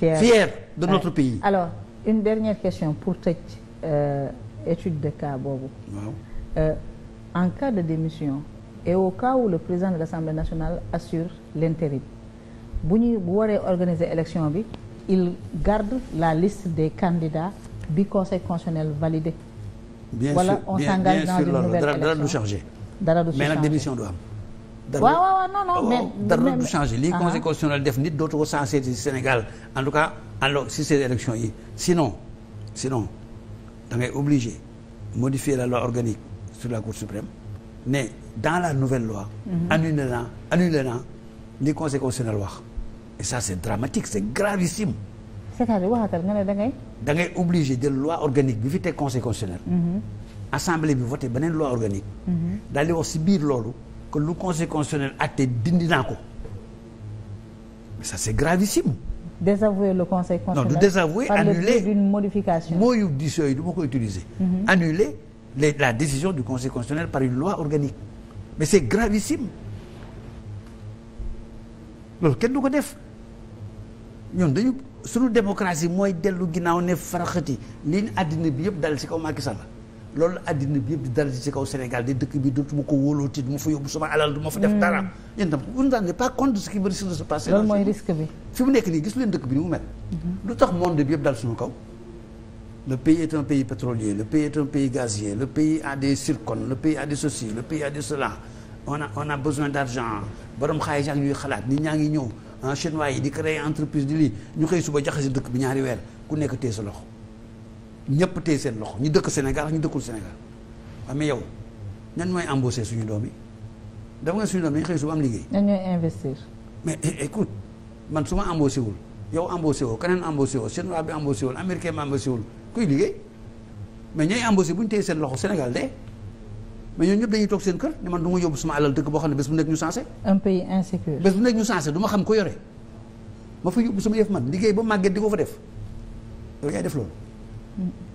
fier de notre ouais. pays. alors une dernière question pour tëj euh, étude de cas boobu. Euh, en cas de démission et au cas où le président de l'Assemblée nationale assure l'intérim bu ñuy bu waree organiser élection bi il garde la liste des candidats bi conseil constitutionnel validé. bien voilà, sûr bien bien sûr loolu dara dara du changé. dara du changé dara waaw waaw non non mais dara du changé lii ah. conseil constitutionnel def nit dootu yi sinon sinon da ngay obligé modifier la la Cour suprême mais dans la nouvelle loi mhm. annulé bi fi te conseil constitutionnel mhm. assemblée bi voté beneen loi organique mhm. daal di wax si biir loolu que lu conseil constitutionnel atte dindi naa ko mais ça c'est gravissime. désavouer le conseil constitutionnel. non du désavouer annuler d'une modification. moo yu dis yooyu du ma ko utiliser. Mhm. annuler les la décision du conseil constitutionnel par une loi organique mais c'est gravissime loolu kenn du ko def ñoom dañu sunu démocratie mooy dellu ginnaaw ne faraxati liñ àddina bi yëpp dal ci kaw Macky Sall. loolu àddina bi yëpp di dal di ci kaw Sénégal di dëkk bi dootuma ko wóolooti du ma fa yóbbu sama alal du ma fa def dara mm. yéen tam vous n'êtes pas compte de ce qui risque de se passer loolu mooy risque bi fi mu nekk nii gis leen dëkk bi ni mu mel mm-hmm. lu tax monde bi yëpp dal suñu kaw le pays est un pays pétrolier le pays est un pays gazier le pays a des zircons le pays a des ceci le pays a des cela on a on a besoin d'argent borom xaalis ak ñuy xalaat nit ñaa ngi ñëw ah, chinois yi di créer entreprise di ñu xëy suba jaxase dëkk bi ñaari weer ku nekk téye sa loxo ñëpp téye seen loxo ñu dëkk Sénégal ak ñu dëkkul Sénégal waaw mais yow ñan mooy embaucher suñu doom yi dafa nga suñu doom yi xëy su am liggéey. ñan ñooy investir. mais écoute man su ma embauché wul yow embauché woo keneen embauché woo chinois bi embauché wul américain bi embauché wul kuy liggéey mais ñooy embauché bu ñu téye seen loxo Sénégal de mais ñooñu ñëpp dañuy toog seen kër ne man du ma yóbbu sama alal dëkk boo xam ne bés bu nekk ñu sensé. un pays insécure. bés bu nekk ñu sensé du ma xam ko yore ma fa yóbbu sama yëf man liggéey ba màgget di ko fa def loolu yaay def loolu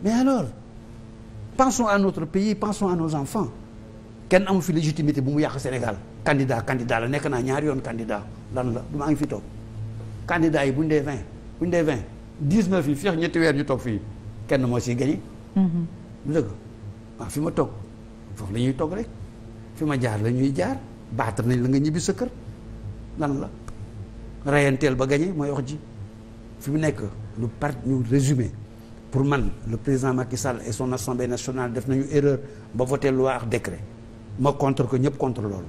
mais alors pensons à notre pays pensons à nos enfants kenn amu fi légitimité bu mu yàq Sénégal candidat candidat la nekk naa ñaari yoon candidat lan la maa ngi fi toog candidat yi bu ñu dee vingt bu ñu dee vingt dix-neuf yi feex ñetti weer ñu toog fii kenn moo si gagné lu mm-hmm. dëgg waaw fi ma toog foofu lañuy ñuy toog rek fi ma jaar la ñuy jaar baatar nañ la nga ñibbi sa kër lan la rayanteel ba gagné mooy wax ji fi mu nekk lu part ñu résumé pour man le président Macky Sall et son assemblée nationale def nañu erreur ba voté loi ak décret ma contre que ñëpp contre loolu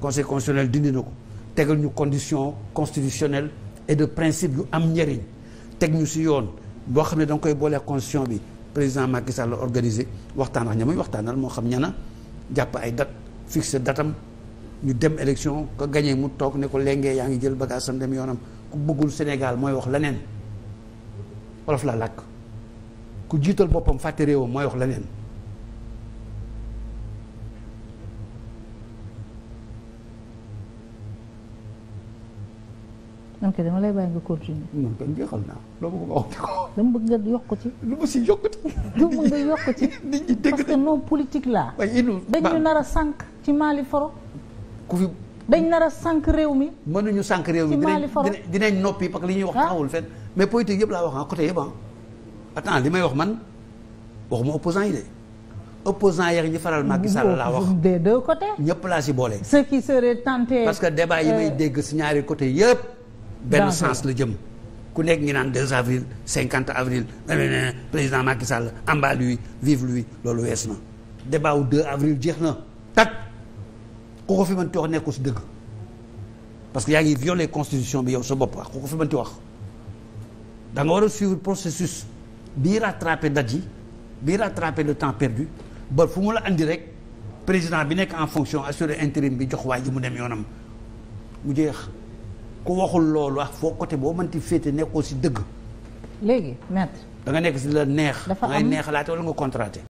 conseil constitutionnel dindi na ko tegal ñu condition constitutionnelle et de principe yu am njëriñ teg ñu si yoon boo xam ne da nga koy boolee constitution bi président Macky Sall la organisé waxtaan ak ña muy waxtaanal moo xam ñana jàpp ay date fixé datam ñu dem élection ko gagné mu toog ne ko léngee yaa ngi jël bagage sam yoonam bëggul Sénégal mooy wax leneen wolof la ku jiital boppam fàtte réewam mooy wax leneen ok dama lay bàyyi nga continuer. non kon jeexal bëgg wax. dama nga yokk ci. lu ma si yokk ci. dama bëgg nga yokk ci. nit ñi dégg parce que non politique laa. waaye dañu nar a sànq ci Mali foro. ku fi dañ nar a sànq réew mi. mënuñu sànq réew mi ci Mali foro dinañ dinañ noppi parce que li ñuy wax ah. taxawul fenn mais politique yëpp laa wax ah côté yëpp ah. attends li may wax man waxuma opposant yi de opposant yeeg ñi faral Macky laa wax des ñëpp laa si boole. ce qui serait tenté. parce que débat yi may euh, dégg si ñaari côté yëpp. benn sens la jëm. ku nekk ngi naan 2 avril cinquante avril président Macky Sall en bas vive lui loolu wees na. débat wu 2 avril jeex na tak ku ko fi mënti wax nekkul si dëgg parce que yaa ngi violé constitution bi yow sa bopp wax ku ko fi mënti wax da war a suivre processus. bii rattrapé date yi bii rattrapé de temps perdu ba fu mu la indi rek président bi nekk en fonction assuré intérim bi jox waay ji mu dem yoonam mu jeex ku waxul loolu wax foo côté boo man ti féete nekkoo si dëgg. léegi da nga nekk si la neex. dafa am ngay neexalaate nga contraté.